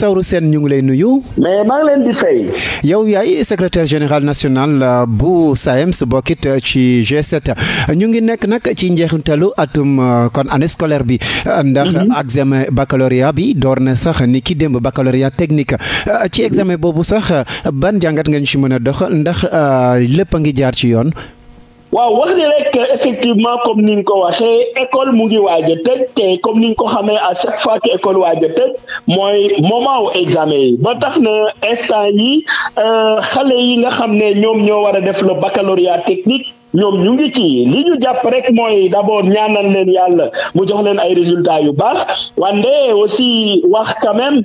Saourou seen ñu ngi lay nuyu. mais maa ngi leen di fay. yow yaay secrétaire général national euh, bu SAEMS bokkit euh, ci g ñu ngi nekk nag ci njeexintalu atum euh, kon année scolaire bi. ndax mhm. examen baccalauréat bi door na sax ni ki démb baccalauréat technique ci examen boobu sax ban jàngat nga ñu ci mën a dox ndax lépp a ngi jaar ci yoon. waaw wax ni rek effectivement comme ni nga ko waxee école mu ngi waaj a tëj te comme ni nga ko xamee à chaque fois que école waaj a mooy moment wu examen yi ba tax na instant yi euh, xale yi nga xam ne ñoom ñoo war a def le baccalauréat technique ñoom ñu ngi ci li ñu jàpp rek mooy d'abord ñaanal leen yàlla mu jox leen ay résultats yu baax wante aussi wax quand même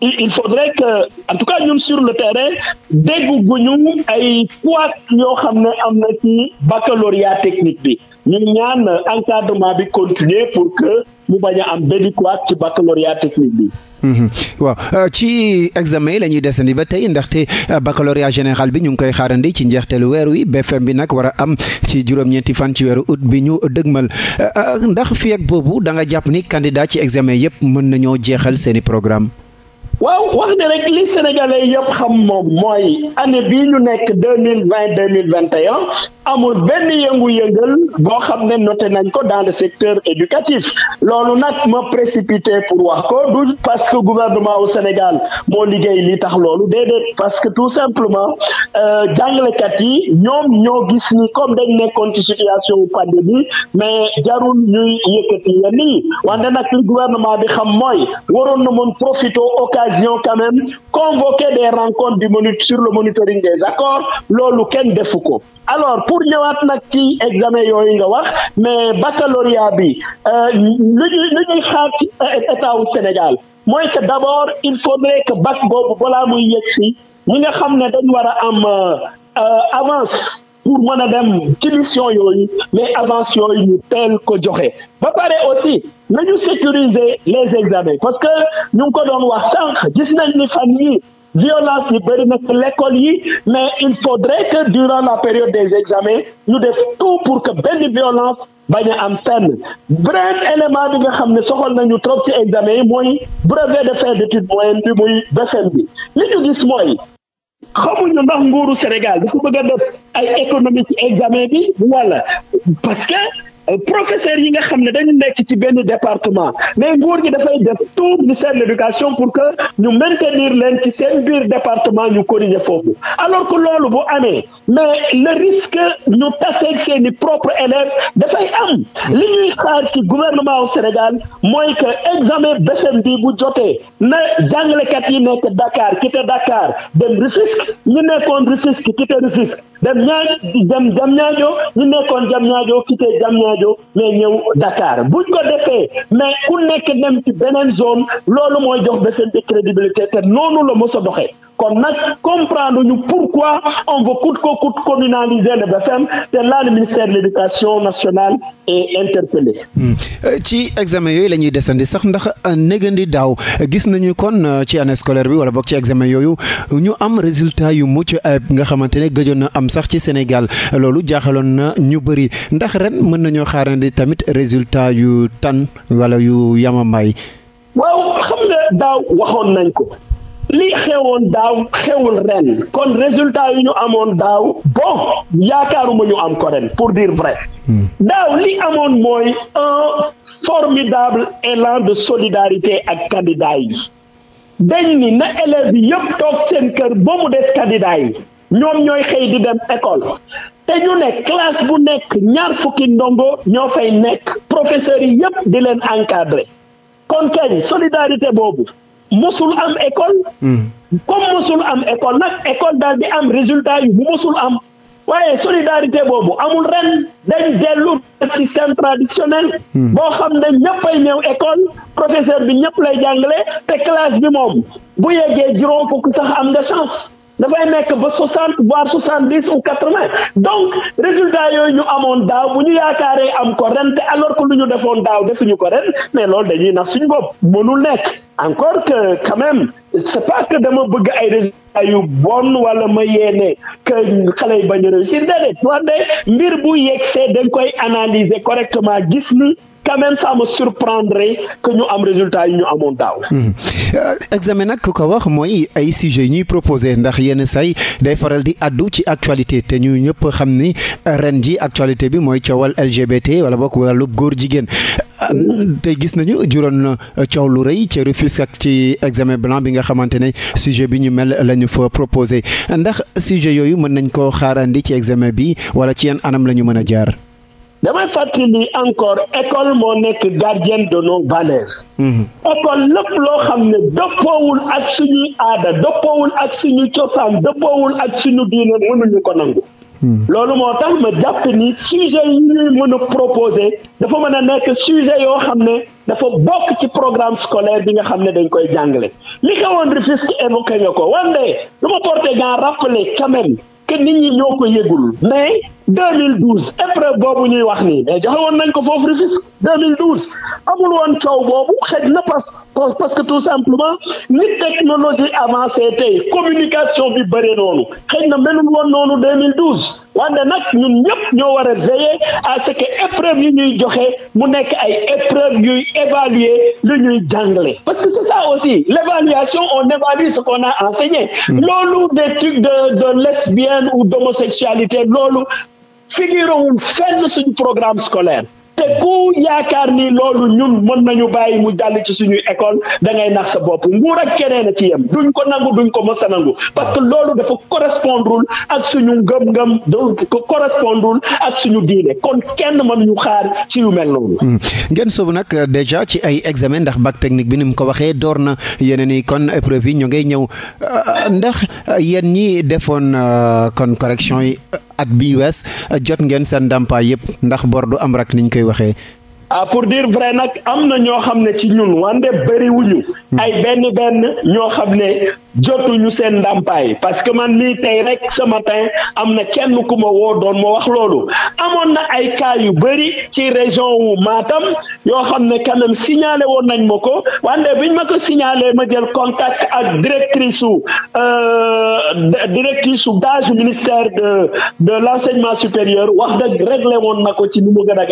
il faudrait que en tout cas ñun sur le terrain dégguñu ay poids yoo xam ne am na ci baccalauréat technique bi ñu ñaan encadrement bi continuer pour que mu bañ a am benn poids ci baccalauréat technique bi. Mhm. waaw euh, ci examen yi la ñuy ba tey ndaxte euh, baccalauréat général bi ñu ngi koy xaarandi ci njeexteelu weer wi BFM bi nag war a am ci juróom-ñeenti fan ci weeru août bi ñu dëgmal euh, ndax fi ak boobu da nga jàpp ni candidat ci examen yëpp mën nañoo jeexal seeni programme waaw wax ne rek li Sénégalais yëpp xam moom mooy année bii ñu nekk deux mille vingt deux mille vingt et un amul benn yëngu-yëngal boo xam ne noté nañ ko dans le secteur éducatif loolu nag ma précipité pour wax ko du parce que gouvernement au Sénégal moo liggéey li tax loolu déedéet parce que tout simplement euh, jàngalekat yi ñoom ñoo gis ni comme dañ nekkoon ci situation pandémie mais jarul ñuy yëkkati yenn yi wante nag li gouvernement bi xam mooy waroon na mën profiter occasion quand même convoquer des rencontres du moni sur le monitoring des accords loolu kenn defu ko alors pour ñëwaat nag ci examen yooyu nga wax mais baccalauréat bi euh, lu ñuy lu ñuy xaar euh, état wu Sénégal mooy que d'abord il faut faudrait que bac boobu balaa muy yegg si ñi nga xam ne dañ war a am euh, avance pour mën a dem ci mission yooyu mais avance yooyu ñu teel ko joxe ba pare aussi nañu sécuriser les examens parce que ñu ngi ko doon wax sànq gis nañ ni fan yii violence yi bëri na ci l'école yi mais il faudrait que durant la période des examens ñu def tout pour que benn violence bañ am fenn beneen élément bi nga xam ne soxal nañu trop ci examen yi mooy brevet de fin d'études moyennes bi muy BFEM bi li ñu gis mooy xamuñu ndax nguuru Sénégal dafa bëgg a def ay économie ci examen bi wala parce que Euh, professeur yi nga xam ne dañu nekk ci benn département mais nguur gi dafay def tout ministère de l'éducation pour que ñu maintenir leen ci seen biir département ñu corriger foofu alors que loolu bu amee mais le risque ñu taseeg seen i propre élèves dafay am li ñuy xaar ci gouvernement au Sénégal mooy que examen BFEM bi bu jotee na jàngalekat yi nekk Dakar quitté Dakar dem Rufisque ñu nekkoon Rufisque quitté Rufisque dem ñaa dem Diamniadio ñu nekkoon Diamniadio quitté Diamniadio Diamniadio lay ñëw Dakar buñ ko defee mais ku nekk dem ci beneen zone loolu mooy jox BFM bi crédibilité te noonu la mos doxee kon nag comprendre ñu pourquoi on veut coûte que coûte communaliser le BFM te là le ministère de l'éducation nationale est interpellé. Hmm. Euh, ci examen yooyu lañuy ñuy desandi sax ndax euh, négandi daaw gis nañu kon euh, ci année scolaire bi wala boog ci examen yooyu ñu am résultat yu mucc ayib nga xamante ne gëjoon na am sax ci Sénégal loolu jaaxaloon na ñu bari ndax ren mën nañoo xaarandi tamit résultat yu tan wala yu yamambaay waaw xam nga daaw waxoon nañ ko. li xewoon daaw xewul ren kon résultat yu ñu amoon daaw bon yaakaaruma ñu am ko ren pour dire vrai hmm. daaw li amoon mooy un formidable élan de solidarité ak candidat yi dañ ni na élèves yi yëpp toog seen kër ba mu des candidat yi ñoom ñooy xëy di dem école te ñu ne classe bu nekk ñaar fukki ndongo ñoo fay nekk professeur yi yëpp di leen encadrer kon kañ solidarité boobu mosul am école. Hmm. comme mosul am école nag école daal bi am résultat yu bu mosul am waaye solidarité boobu amul ren dañ dellu système traditionnel. Hmm. boo xam ne ñëppay ñëw école professeur bi ñëpp lay jàngale te classe bi moom bu yeggee juróom fukk sax am nga chance. dafay nekk ba soixante voire soixante dix ou quatre vingt donc résultat yooyu ñu amoon daaw bu ñu yaakaaree am ko ren te alors que lu ñu defoon daaw defuñu ko ren mais loolu dañuy nax suñu bopp mënul nekk encore que quand c'est pas que dama bëgg ay résultats yu bon wala ma yéene que xale yi bañ a réussir déedéet wax de mbir bu yegsee dañ koy analyser correctement gis ni quand même ça me surprendrait ñu am résultat yi ñu amoon daaw. Mhm. Euh, examen nag ku ko wax mooy ay sujets ñuy proposé ndax yenn say day faral di addu ci actualité te ñu ñëpp xam ni ren ji actualité bi mooy coowal LGBT wala bokk wàllu góor jigéen tey gis nañu juróon na coow lu rëy ci Rufisque ak ci examen blanc bi nga xamante ne sujet bi ñu mel la ñu fa proposé ndax sujet yooyu mën nañ koo xaarandi ci examen bi wala ci an anam lañu ñu mën a jaar. damay fàttali encore école moo nekk gardienne de nos valeurs. Mhm. école lépp loo xam ne dëppoowul ak suñuy aada dëppoowul ak suñu cosaan dëppoowul ak suñu diine mënuñu ko nangu. Hmm. loolu moo tax ma jàpp ni sujet yi ñuy mën a proposer dafa mën a nekk sujet yoo xam ne dafa bokk ci programme scolaire bi nga xam ne dañ koy jàngale li xewoon Rufisque évoqué nga ko wande lu ma porté gan rappeler quand même que nit ñi ñoo ko yëgul mais 2012 épreuve boobu ñuy wax nii mais joxe woon nañ ko foofu Rufisque 2012 amul woon coow boobu xëj na parce parce que tout simplement ni technologie avancée tey communication bi bëri noonu xëj na melul woon noonu 2012 wante nag ñun ñëpp ñoo war a veiller à ce que épreuve yi ñuy joxe mu nekk ay épreuve yuy évaluer lu ñuy jàngale parce que c'est ça aussi l'évaluation on évalue ce qu'on a enseigné hmm. loolu des trucs de de lesbienne ou d'homosexualité loolu figuré wul fenn suñu programme scolaire te ku yaakaar ni loolu ñun mën nañu bàyyi mu jàll ci suñuy école da nax sa bopp nguur ak keneen ci yem duñ ko nangu duñ ko parce que loolu dafa ak suñu ngëm-ngëm correspondrul ak suñu diine kon kenn mënuñu xaar ci yu mel noonu. Hmm. ngeen sóobu nag euh, déjà ci ay examen ndax bac technique bi ni mu ko waxee door na yeneen i kon épreuve yi ñu ngay ñëw euh, euh, ndax yéen ñi defoon kon correction yi. at bi wees euh, jot ngeen seen ndàmpaay yëpp ndax bor du am rak niñ koy waxee. ah pour dire vrai nag am na ñoo xam ne ci ñun wande bëriwuñu. Hmm. ay benn benn ñoo xam ne jotu ñu seen ndàmpaay parce que man lii tey rek ce matin am na kenn ku ma woo doon moo wax loolu amoon na ay cas yu bëri ci région wu Matam yoo xam ne quand même woon nañ ma ko wante biñ ma ko signalé ma jël contact ak directrice su euh, directrice su DAGE ministère de de l' enseignement supérieur wax dëgg réglé woon na ko ci nu mu gën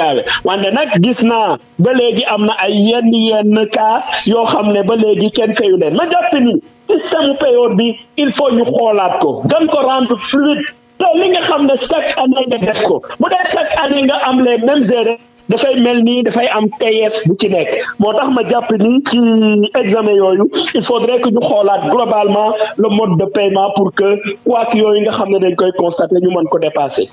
wante nag gis naa ba léegi am na ay yenn yenn cas yoo xam ne ba léegi kenn fayu leen ma jàpp ni système payoor bi il faut ñu xoolaat ko gën ko rendre fluide te li nga xam ne chaque année nga def ko bu dee chaque année nga am les mêmes dafay mel nii dafay am teyeef bu ci nekk moo tax ma jàpp ni ci examen yooyu il faudrait que ñu xoolaat globalement le mode de paiement pour quoi que yooyu nga xam ne dañ koy constater ñu mën ko dépasser.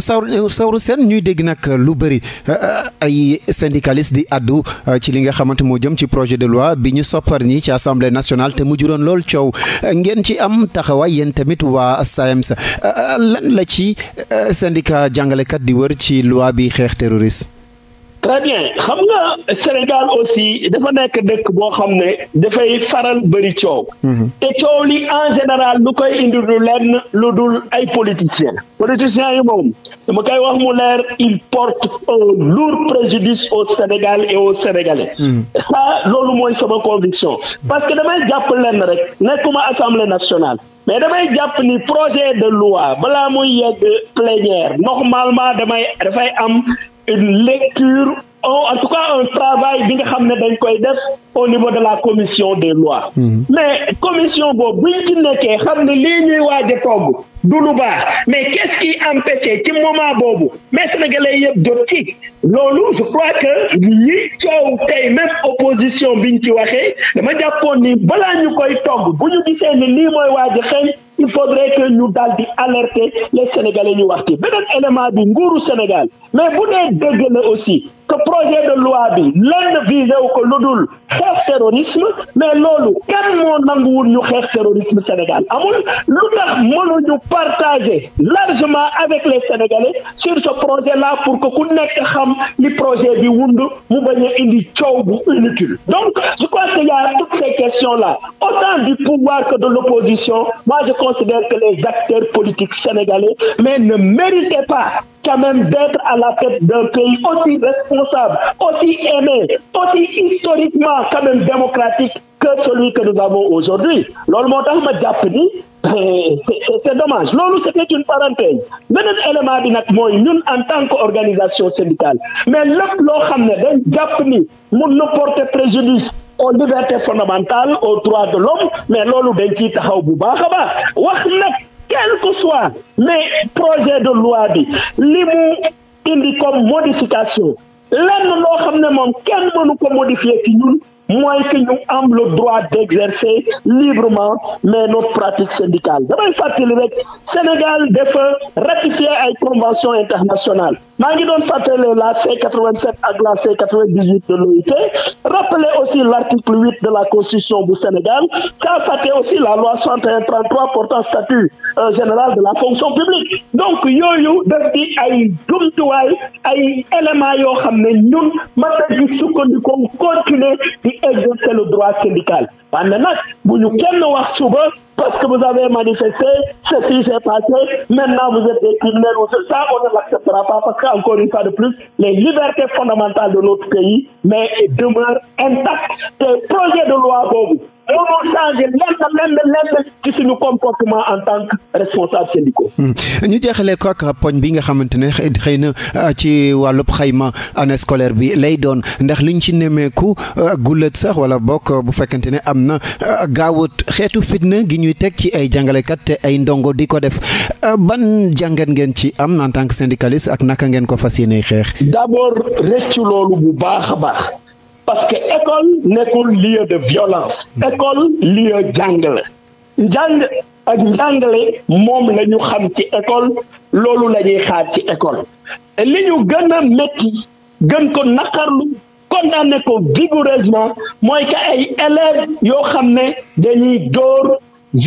Saourou hmm. ah, Saourou ñuy dégg nag lu bëri ah, ay syndicalistes di addu ah, ci li nga xamante moo jëm ci projet de loi bi ñu soppar ñi ci assemblée nationale te mu juróon lool coow ngeen ci am taxawaay yéen tamit waa sa lan la ci syndicat jàngalekat di wër ci loi bi xeex terroriste. très bien xam nga Sénégal aussi dafa nekk dëkk boo xam ne dafay faral bëri coow. Mhm. te coow li en général lu koy indi du lenn lu dul ay politiciens. politiciens yi moom dama koy wax mu leer il porte un lourd préjudice au Sénégal et aux Sénégalais. Mhm. ça loolu mooy sama conviction. parce que damay jàpp lenn rek nekkuma assemblée nationale. mais damay jàpp ni projet de loi balaa muy yegg plénière normalement damay dafay am une lecture en tout cas un travail bi nga xam ne dañ koy def au niveau de la commission des lois mm-hmm. mais commission boobu buñ ci nekkee xam ne lii ñuy waaj a togg du lu baax mais qu'est-ce qui empêché ci moment boobu mais sénégalais yëpp jot ci loolu je crois que ñi coow tey même opposition biñ ci waxee dama jàppoon ni balaa koy togg bu ñu gisee ni lii mooy waaj a xeeñ il faudrait que ñu daal di alerter les sénégalais ñu wax ci beneen élément bi Sénégal mais bu dee aussi que projet de loi bi lenn visé wu ko lu dul xeex terrorisme mais loolu kenn moo nanguwul ñu xeex terrorisme Sénégal amul lu tax mënuñu partager largement avec les Sénégalais sur ce projet là pour que ku nekk xam li projet bi wund mu bañ a indi coow bu inutile donc je crois qu'il y a toutes ces questions là autant du pouvoir que de l'opposition moi je considère que les acteurs politiques sénégalais mais ne méritaient pas quand même d'être à la tête d'un pays aussi responsable, aussi aimé, aussi historiquement quand même démocratique que celui que nous avons aujourd'hui loolu moo tax ma jàpp ni eh, c'est dommage loolu c'était une parenthèse beneen élément bi nag mooy ñun en tant qu'organisation syndicale mais lépp loo xam ne dañ jàpp ni mun na porter préjudice aux libertés fondamentales aux droits de l'homme mais loolu dañ ciy taxaw bu baax a quel que soit mais projet de loi bi li mu indi comme modification lenn loo xam ne moom kenn mënu ko modifier ci ñun mooy que ñu am le droit d'exercer librement mais notre pratique syndicale damay fàttali rek Sénégal dafa ratifier ay convention maa ngi doon fàttali la C87 ak la C98 de l'OIT rappeler de la constitution du Sénégal sans fàtte aussi la loi 6133 portant statut euh, général de la fonction publique donc yooyu daf di yoo xam ne ñun mën exercer le droit syndical wante nag bu ñu kenn wax suba parce que vous avez manifesté ceci s'est passé maintenant vous êtes des criminels ou ça on ne l'acceptera pas parce que une plus les libertés fondamentales de notre pays mais demeurent intactes te projet de loi boobu mënul changer lenn lenn ci suñu comportement en tant que responsable syndicaux. Hmm. ñu jeexalee ko ak poñ bi nga xamante ne xëy na euh, ci wàllub xayma année scolaire bi lay doon ndax liñ ci nemmeeku euh, gullet sax wala bokk euh, bu fekkante ne am na gaawut xeetu fitna gi ñuy teg ci ay jàngalekat te ay ndongo di ko def ban jàngat ngeen ci am en tant que syndicaliste ak naka ngeen ko fas yéenee xeex. d'abord rëccu loolu bu baax a baax. parce que école nekkul lieu de violence école lieu jàng la njàng ak njàngale moom la ñu xam ci école loolu lañuy xaar ci école li ñu gën a métti gën ko naqarlu condamné ko vigoureusement mooy que ay élèves yoo xam ne dañuy dóor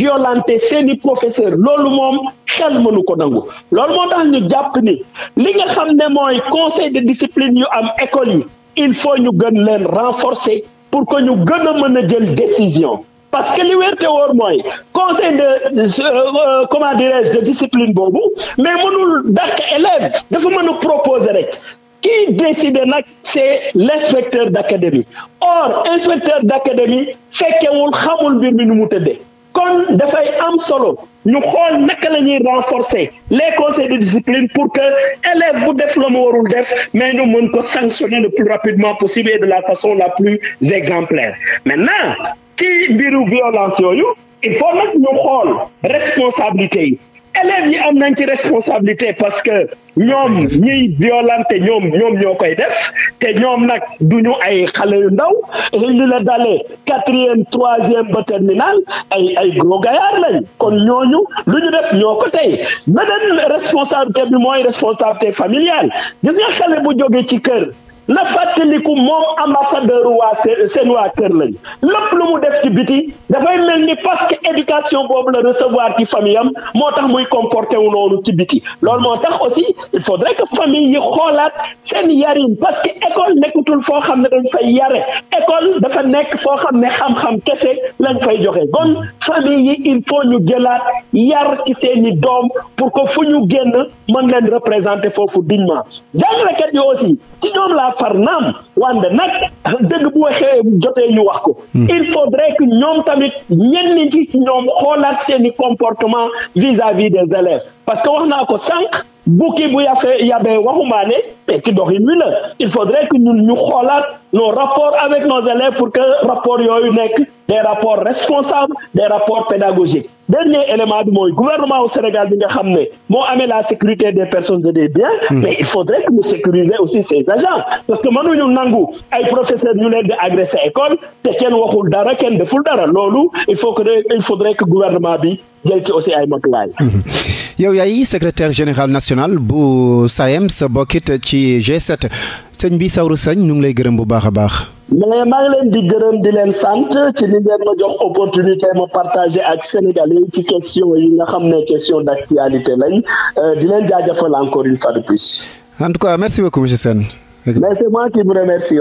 violenter seeni professeur loolu moom xel mënu ko nangu loolu moo tax ñu jàpp ni li nga xam ne mooy conseil de discipline yu am école yi il faut ñu gën leen renforcer pour que ñu gën a mën a jël décision parce que li wér te mooy conseil de euh, euh, comment dirais-je de discipline boobu mais mënul dàq élève dafa mën a proposer rek qui décide nag c'est l'inspecteur d'académie or inspecteur d'académie fekkewul xamul mbir mi nu mu tëddee kon dafay am solo nu xool naka la ñuy renforcer les conseils de discipline pour que élève bu def la mu warul def mais ñu mën ko sanctionner le plus rapidement possible et de la façon la plus exemplaire maintenant ci mbiru violence yooyu il faut nag ñu xool responsabilité yi élèves yi am nañ ci responsabilité parce que ñoom ñuy violente ñoom ñoom ñoo koy def te ñoom nag du ñu ay xale yu ndaw li la dalee quatrième troisième ba terminal ay ay gros gaillard lañ kon ñooñu lu ñu def ñoo ko tey beneen responsabilité bi mooy responsabilité familiale gis nga xale bu jóge ci kër na fàttaliku moom ambassadeur waa seen waa kër lañ lépp lu mu def ci biti dafay mel ni parce que éducation boobu la recevoir ci famille am moo tax muy comporté wu noonu ci biti loolu moo tax aussi il faudrait que famille yi xoolaat seen yarin parce que école nekkatul foo xam ne dañ fay yare école dafa nekk foo xam ne xam-xam kese lañ fay joxe kon famille yi il faut ñu jëlaat yar ci seeni doom pour que fu ñu génn mën leen représenter foofu dignement jàngalekat yi aussi far naam wante nag dëgg bu waxee jotee ñu wax ko. Hmm. il faudrait que ñoom tamit ñenn ñi ci ñoom xoolaat seen i comportement vis-à-vis des élèves parce que wax naa ko sànq. bukki bu yafee yabee waxumaane mais ci doxin wi la il faudrait que ñun ñu xoolaat nos rapports avec nos élèves pour que rapports yooyu nekk des rapports responsables des rapports pédagogiques dernier élément bi mooy gouvernement au Sénégal bi nga xam ne moo amee la sécurité des personnes et des biens. Hmm. mais il faudrait que ñu sécuriser aussi ces agents parce que mënuñu nangu ay professeurs ñu leen di agressé école te kenn waxul dara kenn deful dara loolu il faut que il faudrait que gouvernement bi jël ci aussi ay matuwaay. Hmm. yow yaay secrétaire général national bu SAEMS bokkit ci G7 sëñ bi Saourou Sagne ñu ngi lay gërëm bu baax a baax. mais maa ngi leen di gërëm di leen sant ci ni ngeen ma jox opportunité ma partagé ak Sénégalais ci question yi nga xam ne question d' actualité lañ euh, di leen jaajëfal encore une fois de plus. en tout cas merci beaucoup monsieur Sène. mais c'est moi qui vous remercie.